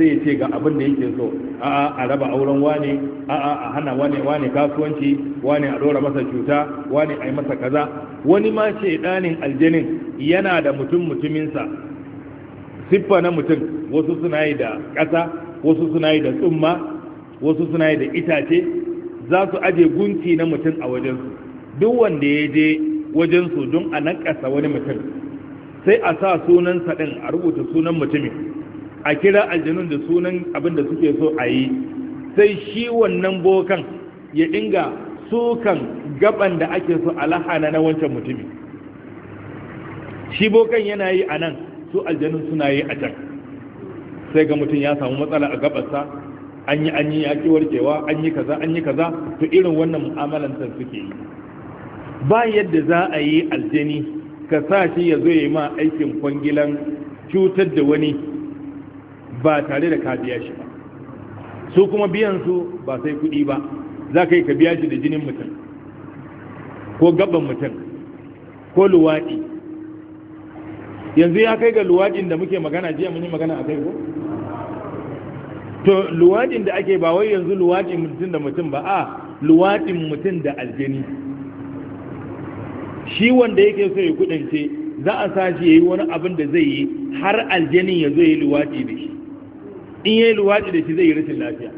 sai ya ce ga abin da yake so a'a a raba auren wane a'a a hana wane wane kasuwanci wane a dora masa cuta wane a yi masa kaza wani ma ce ɗanin aljanin yana da mutum mutuminsa siffa na mutum wasu suna yi da ƙasa wasu suna yi da tsumma wasu suna yi da itace za su aje gunki na mutum a wajensu duk wanda ya je wajensu don a nakasa wani mutum sai a sa sunansa ɗin a rubuta sunan mutumin a kira aljanun da sunan abin da suke so a yi sai shi wannan bokan ya dinga sukan gaban da ake so a lahana na wancan mutumin shi bokan yana yi a nan su aljanun suna yi a can sai ga mutum ya samu matsala a gabarsa an yi an yi yaƙi warkewa an yi kaza an yi kaza to irin wannan mu'amalantar suke yi ba yadda za a yi aljani ka sa shi ya zo ya yi ma aikin kwangilan cutar da wani ba tare da ka biya shi ba su kuma biyan su ba sai kuɗi ba za ka yi ka biya shi da jinin mutum ko gaban mutum ko luwaɗi yanzu ya kai ga luwaɗin da muke magana jiya mun yi magana a kai ko to luwaɗin da ake ba wai yanzu luwaɗin mutum da mutum ba a luwaɗin mutum da aljani shi wanda yake so ya kudance za a sa shi ya yi wani abin da zai yi har aljanin ya zo ya yi luwaɗi da shi in yayi luwadi da shi zai yi rashin lafiya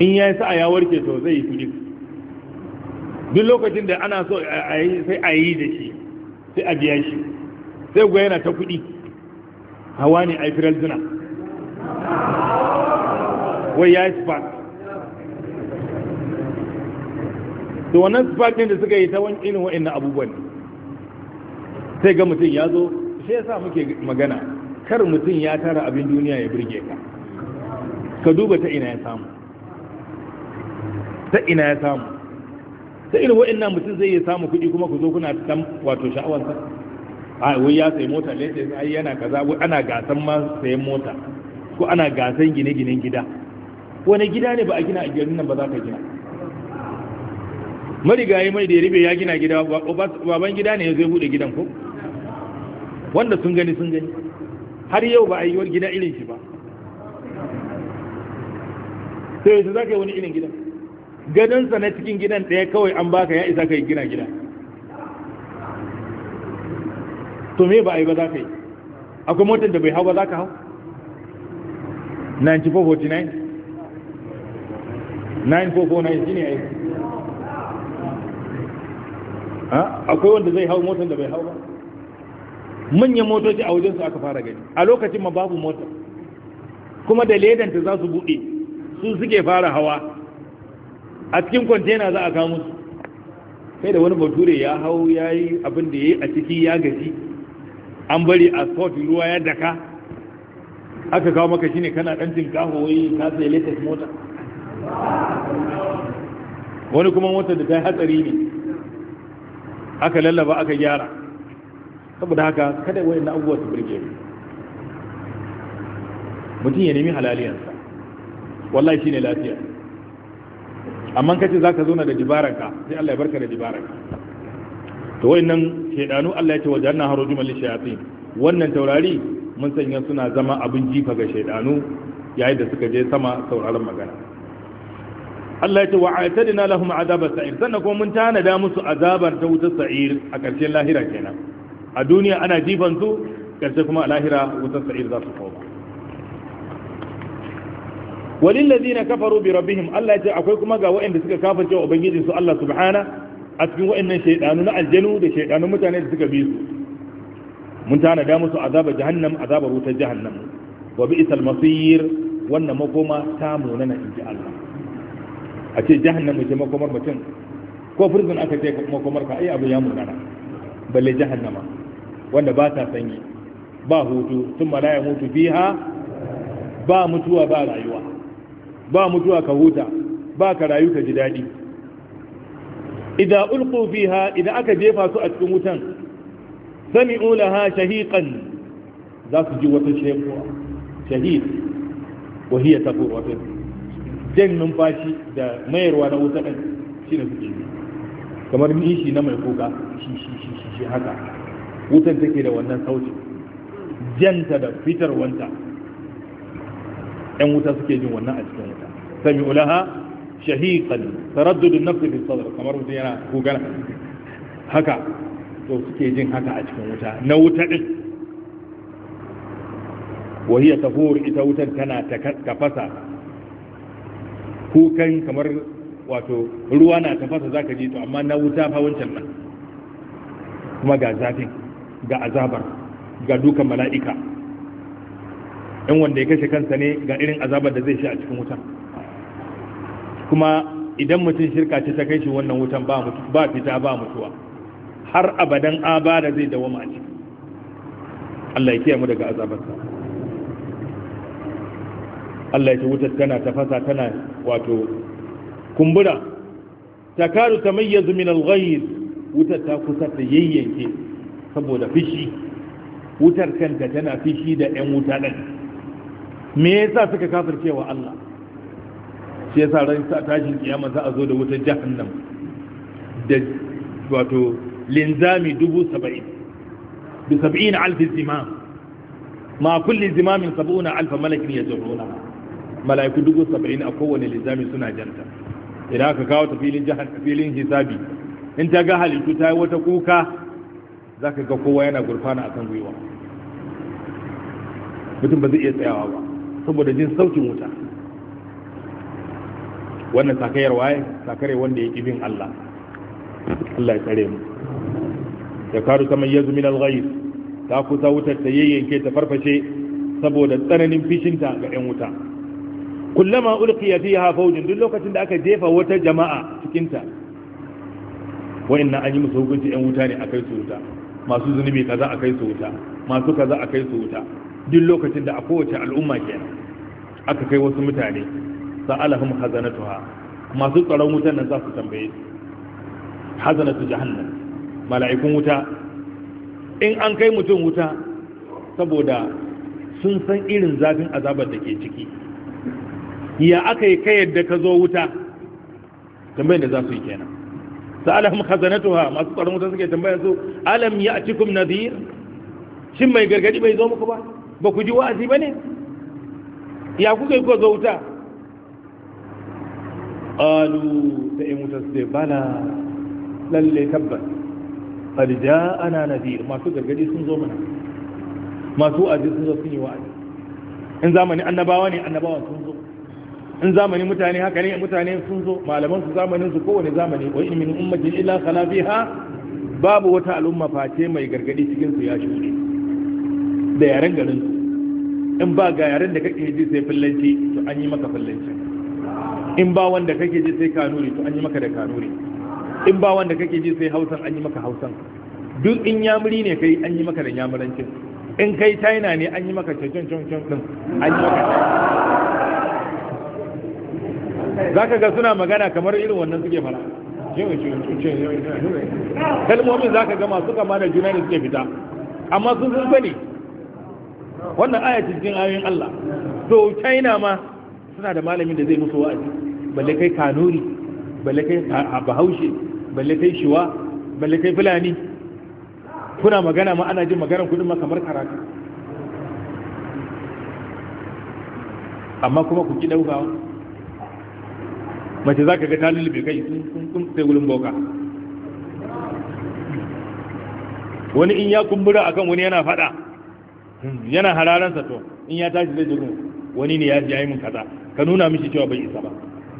in yayi sa ya warke to zai yi tulik duk lokacin da ana so a yi sai a yi da shi sai a biya shi sai gwa yana ta kuɗi hawa ne a yi firar zina wai ya yi spark to wannan spark ɗin da suka yi ta wani irin wa'in na abubuwan sai ga mutum ya zo shi ya sa muke magana kar mutum ya tara abin duniya ya burge ka ka duba ta ina ya samu ta ina ya samu ta irin wa'annan mutum zai iya samu kuɗi kuma ku zo kuna tam wato sha'awansa a wai ya sayi mota sai ai yana kaza wai ana gasan ma sayan mota ko ana gasan gine-ginen gida wani gida ne ba a gina a gidan nan ba za ka gina marigayi mai da ya ribe ya gina gida baban gida ne ya zai bude gidan ko wanda sun gani sun gani har yau ba a yi gina gida irin shi ba sai yanzu za ka yi wani irin gidan gadonsa na cikin gidan ɗaya kawai an baka ya isa ka yi gina gida to me ba a yi ba za ka yi akwai motar da bai hau ba za ka hau 9449 9449 shi ne yi akwai wanda zai hau motar da bai hau ba manyan motoci a wajensu aka fara gani a lokacin ma babu mota kuma da ledanta za su buɗe su suke fara hawa a cikin kwantena za a kamo su sai da wani bature ya hau ya yi abin da ya yi a ciki ya gaji an bari a sport ruwa ya daka aka kawo maka shine kana ɗan tinkaho wai ka sai latest mota wani kuma motar da ta yi hatsari ne aka lallaba aka gyara saboda haka kada wayan na abubuwa su burge mu mutum ya nemi halaliyansa wallahi shi ne lafiya amma kace za zo na da dibaranka sai Allah ya barka da dibaranka to nan, shedanu Allah ya ce wajanna haro lil shayatin wannan taurari mun sanya suna zama abin jifa ga shedanu yayin da suka je sama sauraron magana Allah ya ce wa'atadna lahum adaba sa'ir sannan kuma mun da musu azabar ta wutar sa'ir a ƙarshen lahira kenan a duniya ana jifan su karshe kuma a lahira wutar sa'ir za su koma walin lazina kafaru bi rabbihim Allah ya ce akwai kuma ga waɗanda suka kafance wa ubangijin su Allah subhana a cikin waɗannan shaydanu na aljanu da shaidanu mutane da suka bi su mun tana da musu azaba jahannam azaba wutar jahannam wa bi'sal masir wannan makoma ta munana inji Allah a ce jahannam ce makomar mutum ko prison aka ce makomar ka ai abu ya munana balle jahannama wanda ba ta sanyi ba hutu sun malaya mutu fiha ba mutuwa ba rayuwa ba mutuwa ka huta ba ka rayu ka ji daɗi idza ulqu fiha idan aka jefa su a cikin wutan sami'u laha shahiqan za su ji wata shekuwa shahid wa hiya taqur wa jan numfashi da mayarwa na wutan shine suke kamar nishi na mai kuka shi shi shi shi haka wutar take da wannan sautin janta da fitar wanta yan wuta suke jin wannan a cikin wuta sami ulaha shahiqan taraddudun nafsi fi sadr kamar mutum yana kugan haka to suke jin haka a cikin wuta na wuta din wahiyar tafur ita wutar tana tafasa kukan kamar wato ruwa na tafasa za ka ji to amma na wuta fa wancan nan kuma ga zafin ga azabar ga dukan mala'ika Yan wanda ya kashe kansa ne ga irin azabar da zai shi a cikin wutan kuma idan mutum shirka ce ta kai shi wannan wutan ba fita ba mutuwa har abadan abada zai dawo a ciki Allah ya kiyamu daga azabarsa Allah ya ce wutar tana tafasa tana wato kumbura ta karu ta mayyazu min alghayr wutar ta kusa ta yayyanke saboda fishi wutar kanta tana fishi da 'yan wuta ɗin me yasa suka kafirce cewa Allah shi yasa ran sa tashin kiyama za a zo da wutar jahannam da wato linzami dubu saba'in bi saba'in alfi zimam ma kulli zimamin saba'una alfa malakin ya zarrona mala'iku dubu saba'in a kowane linzami suna janta idan aka kawo ta filin jihar filin hisabi in ta ga halittu ta yi wata kuka za ka ga kowa yana gurfana akan gwiwa mutum ba zai iya tsayawa ba saboda jin saukin wuta wannan sakayar waye sakare wanda ya ƙi bin Allah Allah ya tsare mu ya karu sama mai yazu min al-ghayr ta kusa wutar ta yayyanke ta farfashe saboda tsananin fishinta ga 'yan wuta kullama ulqiya fiha fawjun duk lokacin da aka jefa wata jama'a cikin ta wa'annan an yi musu hukunci 'yan wuta ne akai su wuta masu zunubi kaza a kai su wuta masu kaza a kai su wuta duk lokacin da a kowace al'umma kenan aka kai wasu mutane alahum hazanatuha masu tsaron wutan nan za su tambaye su hazanatu jahannam mala'ikun wuta in an kai mutum wuta saboda sun san irin zafin azabar da ke ciki ya aka yi kayar da ka zo wuta tambayin da za su yi kenan sa'alahum khazanatuha masu tsaron wuta suke tambaya su alam ya ya'tikum nadhir shin mai gargadi bai zo muku ba ba ku ji wa'azi ba ne? ya kuka yi ko zo Alu ta sai wuta su bala lalle tabbas qad ana nadhir masu gargadi sun zo mana masu wa'azi sun zo sun yi wa'azi in zamani annabawa ne annabawa sun zo in zamanin mutane haka ne mutane sun zo malaman su zamanin su kowane zamani wa in min ummatin illa khala fiha babu wata al'umma face mai gargadi cikin su ya shi da yaren garin su in ba ga yaren da kake ji sai fillanci to an yi maka fillanci in ba wanda kake ji sai kanuri to an yi maka da kanuri in ba wanda kake ji sai hausan an yi maka hausan duk in yamuri ne kai an yi maka da yamurancin in kai china ne an yi maka cancan cancan din an yi maka za ka ga suna magana kamar irin wannan suke fara kalmomin za ka ga masu kama da juna ne suke fita amma sun sun sani wannan ayatun cikin ayoyin Allah to china ma suna da malamin da zai musu wa'azi balle kai kanuri balle kai bahaushe balle kai shiwa balle kai fulani kuna magana ma ana jin maganar kudin ma kamar karatu amma kuma ku ki daukawa mace za ka ga ta kai sun sai wurin boka wani in ya kumbura akan wani yana fada yana hararansa to in ya tashi zai jirgin wani ne ya ji yayi min kaza ka nuna mishi cewa bai isa ba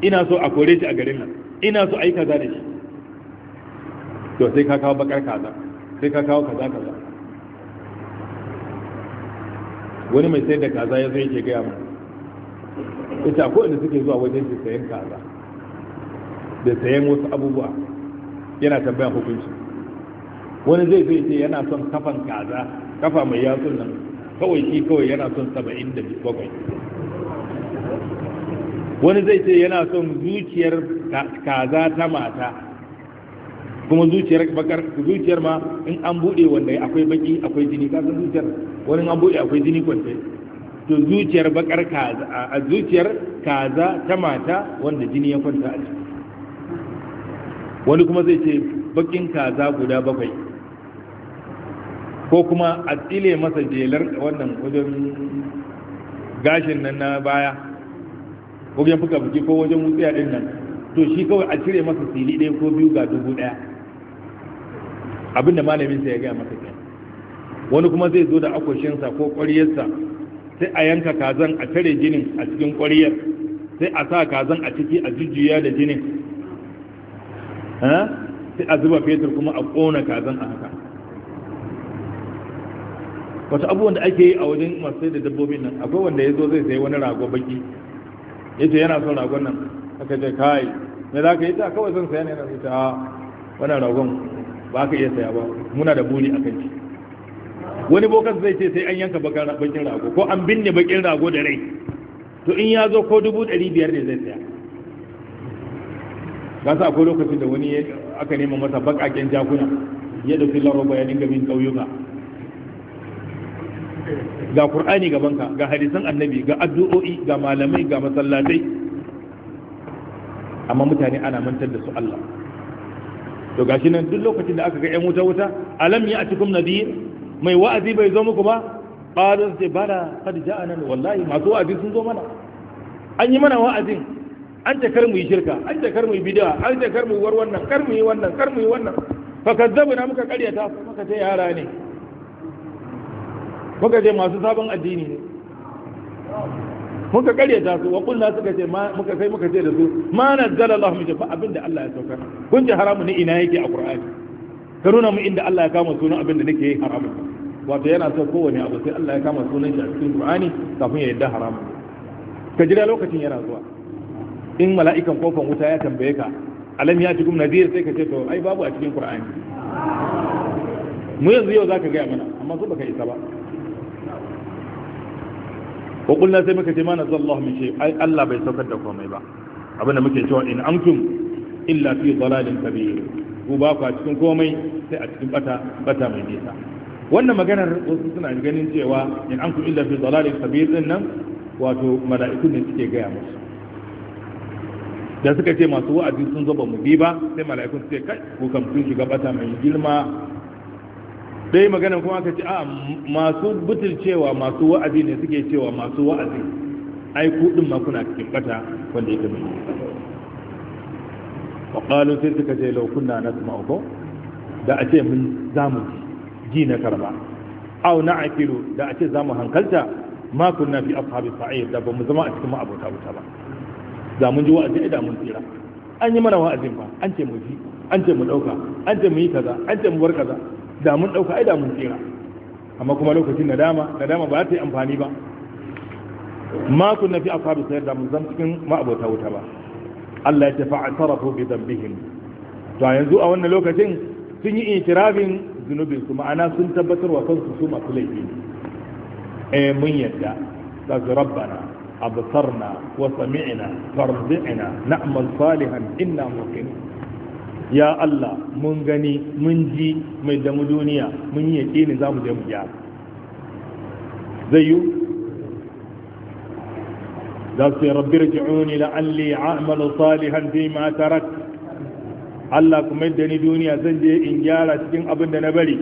ina so a kore shi a garin nan ina so a yi kaza da shi to sai ka kawo bakar kaza sai ka kawo kaza kaza wani mai sayar da kaza ya zai yake gaya mu ita ko inda suke zuwa wajen su sayan kaza da sayan wasu abubuwa yana tambayan hukunci wani zai zai ce yana son kafan kaza kafa mai yatsun nan kawai shi kawai yana son saba'in da bakwai wani zai ce yana son zuciyar kaza ta mata kuma zuciyar bakar zuciyar ma in an buɗe wanda akwai baki akwai jini kasan zuciyar wani an buɗe akwai jini kwance to zuciyar bakar kaza a zuciyar kaza ta mata wanda jini ya kwanta a ciki wani kuma zai ce bakin kaza guda bakwai ko kuma a tsile masa jelar wannan wajen gashin nan na baya wajen fuka buki ko wajen wutsiya din nan to shi kawai a cire masa sili ɗaya ko biyu ga dubu ɗaya abinda malamin sa ya gaya masa kenan wani kuma zai zo da akwashinsa ko ƙwariyarsa sai a yanka kazan a tare jinin a cikin ƙwariyar sai a sa kazan a ciki a jujjuya da jinin sai a zuba fetur kuma a ƙona kazan a haka wata abubuwan da ake yi a wajen masu sai da dabbobin nan akwai wanda ya zo zai sai wani rago baki ya ce yana son ragon nan aka ce kai me za ka yi ta kawai son saya yana na sai ta ragon ba ka iya saya ba muna da buri a kan shi wani bokan zai ce sai an yanka bakin rago ko an binne bakin rago da rai to in ya zo ko dubu ɗari biyar ne zai saya ga sa akwai lokacin da wani aka nema masa bakaken jakuna ya dauki laroba ya dinga bin kauyuka ga qur'ani ka, ga hadisan annabi ga addu'o'i ga malamai ga masallatai amma mutane ana mantar da su Allah to gashi nan duk lokacin da aka ga 'yan wuta wuta alam ya atikum nadir mai wa'azi bai zo muku ba qalu sai bala qad ja'ana wallahi masu wa'azi sun zo mana an yi mana wa'azin an ce kar mu yi shirka an ce kar mu yi bid'a an ce kar mu yi wannan kar mu yi wannan kar mu yi wannan fa na muka ta muka ce yara ne muka ce masu sabon addini ne muka ta su wa kullu suka ce muka sai muka ce da su ma nazzala Allah mu jafa abinda Allah ya saukar kun ji haramu ne ina yake a Qur'ani ka nuna mu inda Allah ya kama sunan abinda nake yi haramu wato yana so kowane abu sai Allah ya kama sunan shi a cikin Qur'ani kafin ya yadda haramu ka jira lokacin yana zuwa in mala'ikan kofan wuta ya tambaye ka alam ya cikin nadir sai ka ce to ai babu a cikin qur'ani mu yanzu yau zaka gaya mana amma su baka isa ba wa qulna sai muka ce mana sallallahu min shay ai Allah bai saukar da komai ba abinda muke cewa in amtum illa fi dalalin kabir ku ba ku a cikin komai sai a cikin bata bata mai nisa wannan maganar wasu suna ganin cewa in amtum illa fi dalalin kabir din nan wato mala'ikun ne suke gaya musu da suka ce masu wa'azi sun zo ba mu bi ba sai mala'ikun suka kai ko kam sun shiga bata mai girma dai magana kuma aka ce a masu butulcewa masu wa'azi ne suke cewa masu wa'azi ai ku din ma kuna cikin bata wanda yake mai wa qalu sai suka ce law kunna nasma'u ko da a ce mun zamu ji na karba aw na'qilu da a ce zamu hankalta ma kunna fi ashabi sa'id da ba mu zama a cikin ma'abota wuta ba da mun ji wa'azi da mun tsira an yi mana wa'azin ba an ce mu ji an ce mu dauka an ce mu yi kaza an ce mu bar kaza da mun dauka ai da mun tsira amma kuma lokacin nadama nadama ba ta yi amfani ba ma kunna fi ashabi sayar da mun zan cikin ma'abota wuta ba Allah ya tafa atarafu bi dhanbihim to yanzu a wannan lokacin sun yi itirafin zunubin su ma'ana sun tabbatar wa kansu su masu laifi eh mun yadda za su rabbana أبصرنا وسمعنا فارضعنا نعمل صالحا إنا موقنون ya Allah mun gani mun ji mai damu duniya mun yi yaƙini za mu je mu gyara zai yi za su yi rabbi raji'uni la'alli a'malu salihan fi ma tarak Allah kuma yadda ni duniya zan je in gyara cikin abin da na bari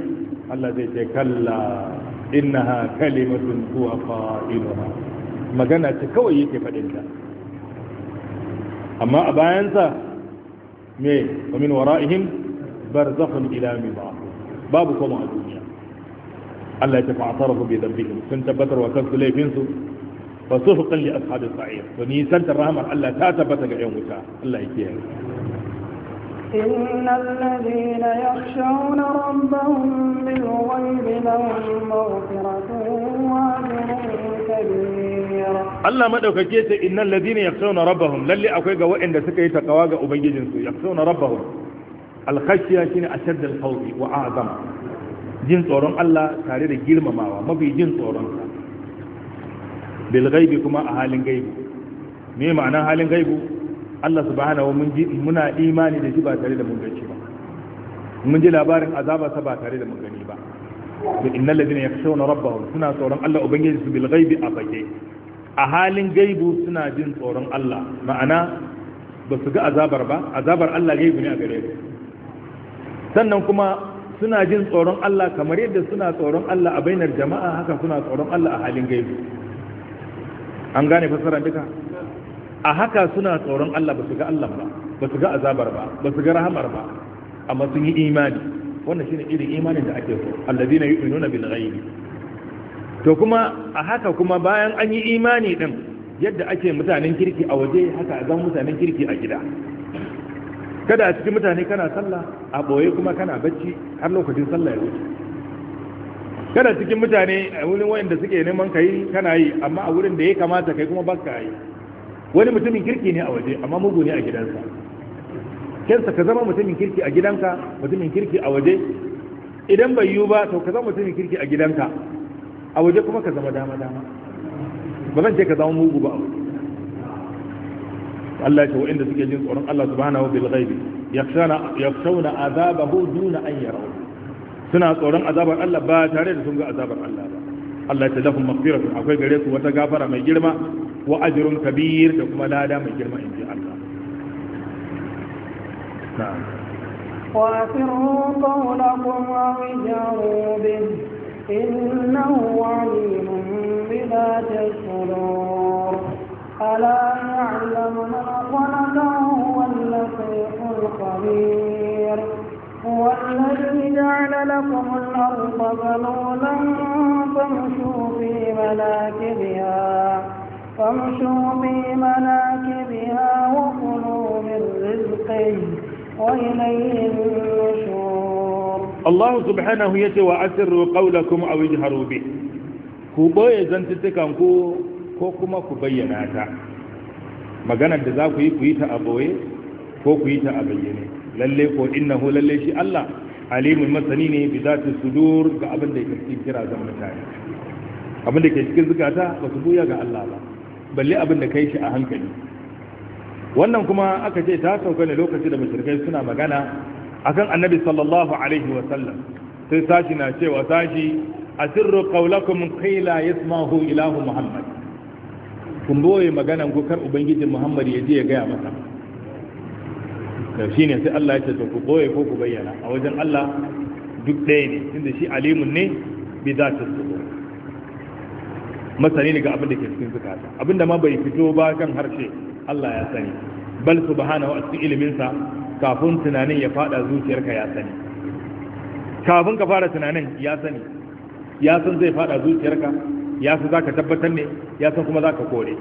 Allah zai ce kalla innaha kalimatun huwa qailuha magana ce kawai yake faɗinta amma a bayansa me wamin wara'ihim barzakhun ila miba babu kuma a duniya Allah ya fa'atarahu bi dhanbihim sun tabbatar wa kansu laifinsu fa suhqan li ashabi sa'ir to ni san rahmar Allah ta tabbata ga yan wuta Allah ya kiyaye إن الذين يخشون ربهم بالغيب لهم مغفرة وأجر كبير Allah madaukake ce innal ladina yakhshawna rabbahum lalle akwai ga waɗanda suka yi takawa ga ubangijin su yakhshawna rabbahum al khashya shine ashadd al khawf wa a'zam jin tsoron Allah tare da girmamawa mafi jin tsoron sa bil ghaibi kuma a halin ghaibi me ma'anar halin ghaibi Allah subhanahu mun ji muna imani da shi ba tare da mun gani ba mun ji labarin azaba sa ba tare da mun gani ba to innal ladina yakhshawna rabbahum suna tsoron Allah ubangijin su bil ghaibi a bake a halin gaibu suna jin tsoron Allah ma'ana ba su ga azabar ba azabar Allah gaibu ne a gare su sannan kuma suna jin tsoron Allah kamar yadda suna tsoron Allah a bainar jama'a haka suna tsoron Allah a halin gaibu an gane fasara duka a haka suna tsoron Allah ba su ga Allah ba ba su ga azabar ba ba su ga rahamar ba amma sun yi imani wannan shine irin imanin da ake so alladina yu'minuna bil ghaibi to kuma a haka kuma bayan an yi imani din yadda ake mutanen kirki a waje haka a zan mutanen kirki a gida kada a cikin mutane kana sallah a ɓoye kuma kana bacci har lokacin sallah ya wuce kada cikin mutane a wurin wayanda suke neman kai kana yi amma a wurin da ya kamata kai kuma baka yi wani mutumin kirki ne a waje amma mugu ne a gidansa kensa ka zama mutumin kirki a gidanka mutumin kirki a waje idan bai yiwu ba to ka zama mutumin kirki a gidanka a waje kuma ka zama dama dama ba zan ce ka zama mugu ba Allah ya ce wa'inda suke jin tsoron Allah subhanahu bil ghaibi yakshana yakshawna azabahu duna an yarawu suna tsoron azabar Allah ba tare da sun ga azabar Allah ba Allah ya ce lahum maghfiratun akwai gare su wata gafara mai girma wa ajrun kabir da kuma lada mai girma in ji Allah وأسروا قولكم أو اجهروا به إنه عليم بذات الصدور ألا يعلم من خلق هو اللطيف الخبير هو الذي جعل لكم الأرض ذلولا فامشوا في مناكبها فامشوا في مناكبها وكلوا من رزقه وإليه النشور Allah subhanahu ya ce wa asirru kuma aw ijharu harobe. ku boye zantutukan ku ko kuma ku bayyana ta maganar da za ku yi ku yi ta a boye ko ku yi ta a bayyane lalle ko innahu lalle shi Allah alimun masani ne bi zati sudur ga abin da yake cikin kira zan mutane abin da ke cikin zukata ba su buya ga Allah ba balle abin da kai shi a hankali wannan kuma aka ce ta sauka ne lokacin da mushrikai suna magana akan annabi sallallahu alaihi wa sallam sai sashi na cewa sashi a asirru qawlakum qila yasmahu ilahu muhammad kun boye maganan ku kar ubangijin muhammad ya je ya gaya masa Da shi ne sai Allah ya ce ku boye ko ku bayyana a wajen Allah duk ɗaya ne inda shi alimun ne bi za ta su masani ne ga abin da ke cikin zukata abin da ma bai fito ba kan harshe Allah ya sani bal subhanahu wa ta'ala ilimin sa kafin tunanin ya fada zuciyarka ya sani kafin ka fara tunanin ya sani ya san zai fada zuciyarka ya san zaka tabbatar ne ya san kuma zaka kore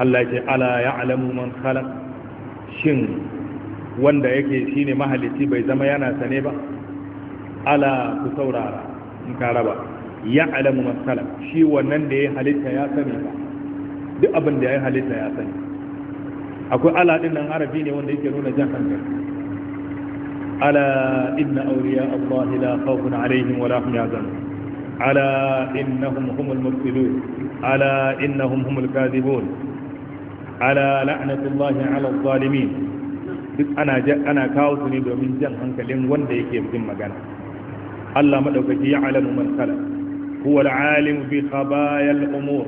Allah ce ala ya'lamu man khalaq shin wanda yake shine mahalici bai zama yana sane ba ala ku saurara in ka raba ya'lamu man khalaq shi wannan da ya halitta ya sani ba duk abin da ya halitta ya sani akwai ala din nan arabi ne wanda yake nuna jan hankali ala inna awliya Allah la khawfun alaihim wa la hum yahzanun ala innahum humul mufsidun ala innahum humul kadhibun ala la'natullahi ala adh-dhalimin duk ana ana kawo su ne domin jan hankalin wanda yake yin magana Allah madaukaki ya alamu man kala huwa al-alim bi khabaya al-umur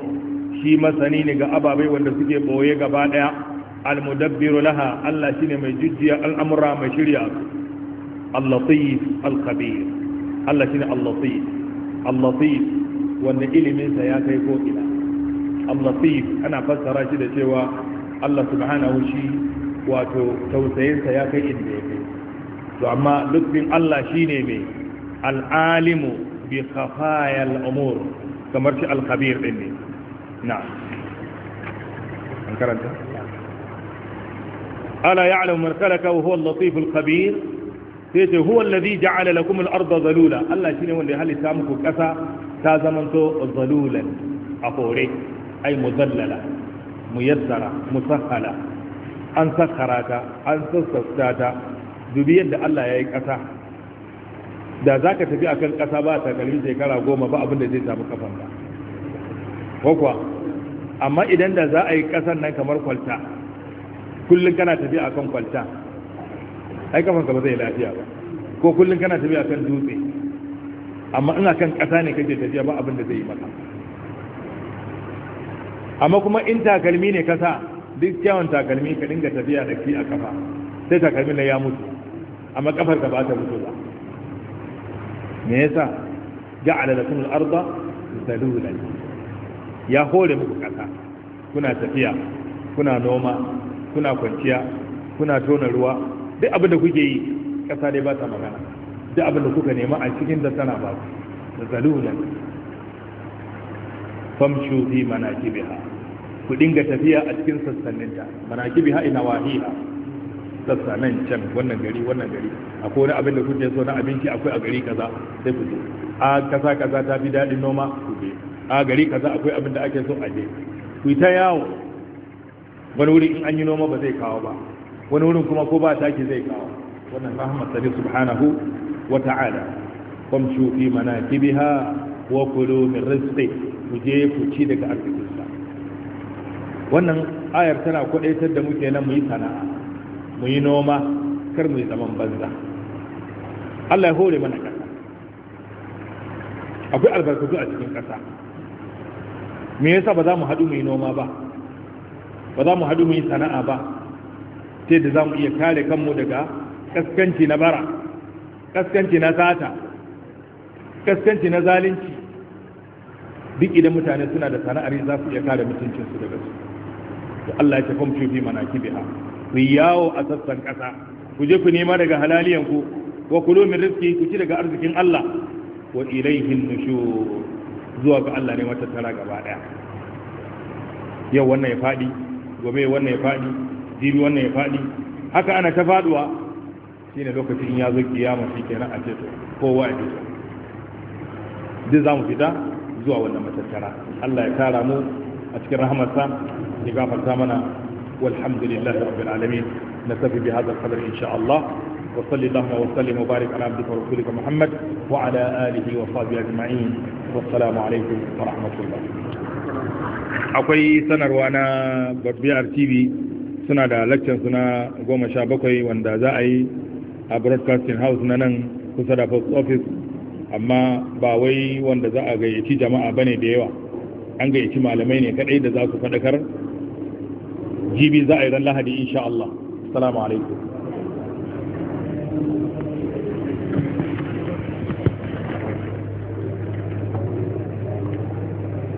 shi masani ne ga ababai wanda suke boye gaba daya almudabbiru laha Allah shine mai jujjiya al'amura mai shirya al-latif al-khabir Allah shine al-latif al-latif wanda ilimin sa ya kai ko ila al-latif ana fassara shi da cewa Allah subhanahu shi wato tausayin sa ya kai inda ya to amma lutfin Allah shine mai al-alimu bi khafaya al-umur kamar shi al-khabir din ne na'am an karanta ala ya man khalaqa wa huwa al-latif al-khabir sai ce huwa alladhi ja'ala lakum al-ardha zalula Allah shi ne wanda ya halitta muku ƙasa ta zamanto zalulan a kore ai muzallala muyassara musahhala an sakhara ta an sassafta ta dubi yadda Allah ya yi ƙasa da za ka tafi a kan ƙasa ba ta kalmi shekara goma ba abin da zai samu kafan ba ko kuwa amma idan da za a yi kasan nan kamar kwalta kullum kana tafiya akan kwalta ai kafanka ba zai lafiya ba ko kullum kana tafiya akan dutse amma ina kan ƙasa ne kake tafiya ba abin da zai yi maka amma kuma in takalmi ne kasa duk kyawun takalmi ka dinga tafiya da shi a kafa sai takalmin na ya mutu amma kafar ka ba ta mutu ba me yasa ja'ala lakum al-ardha zalulan ya hore muku kasa kuna tafiya kuna noma kuna kwanciya kuna tona ruwa duk abin da kuke yi ƙasa dai ba ta magana duk abin da kuka nema a cikin da tana ba ku da zalulan famshu fi manakibiha ku dinga tafiya a cikin sassaninta manakibiha ina wahiha sassa nan can wannan gari wannan gari akwai wani abin da kuke so na abinci akwai a gari kaza sai ku je a kasa kaza ta fi daɗin noma ku je a gari kaza akwai abin da ake so a je ku ta yawo wani wuri in an yi noma ba zai kawo ba wani wurin kuma ko ba taki zai kawo wannan rahmat sabi subhanahu wa ta'ala shu fi manakibiha wa kulu min rizqi ku je ku ci daga arzikinsa wannan ayar tana kwadaitar da muke nan muyi sana'a muyi noma kar mu zaman banza Allah ya hore mana kasa akwai albarkatu a cikin kasa me yasa ba za mu haɗu mu yi noma ba ba za mu haɗu mu yi sana'a ba sai da za mu iya kare kanmu daga kaskanci na bara kaskanci na sata kaskanci na zalunci duk idan mutane suna da sana'ar za su iya kare mutuncinsu daga su to Allah ya tafam shufi mana kibiha ku yawo a sassan ƙasa ku je ku nema daga halaliyan ku wa kulu min rizqi ku ci daga arzikin Allah wa ilayhin nushur zuwa ga Allah ne mata tara gaba daya yau wannan ya faɗi? gobe wannan ya faɗi jibi wannan ya faɗi haka ana ta faɗuwa shine lokacin ya zo kiyama shi kenan a ce to kowa ya fita duk za mu fita zuwa wannan matattara Allah ya tara mu a cikin rahamarsa ya gafarta mana walhamdulillah da walhamdulillahi rabbil alamin نكتفي بهذا القدر إن شاء الله وصلي اللهم وسلم وبارك على عبدك ورسولك محمد وعلى آله وصحبه أجمعين والسلام عليكم ورحمة الله akwai sanarwa na babbar tv suna da lakcin suna goma sha bakwai wanda za a yi a broadcasting house na nan kusa da post office amma ba wai wanda za a gayyaci jama'a bane da yawa an gayyaci malamai ne kadai da za su faɗakar jibi za a yi ran lahadi insha Allah alaikum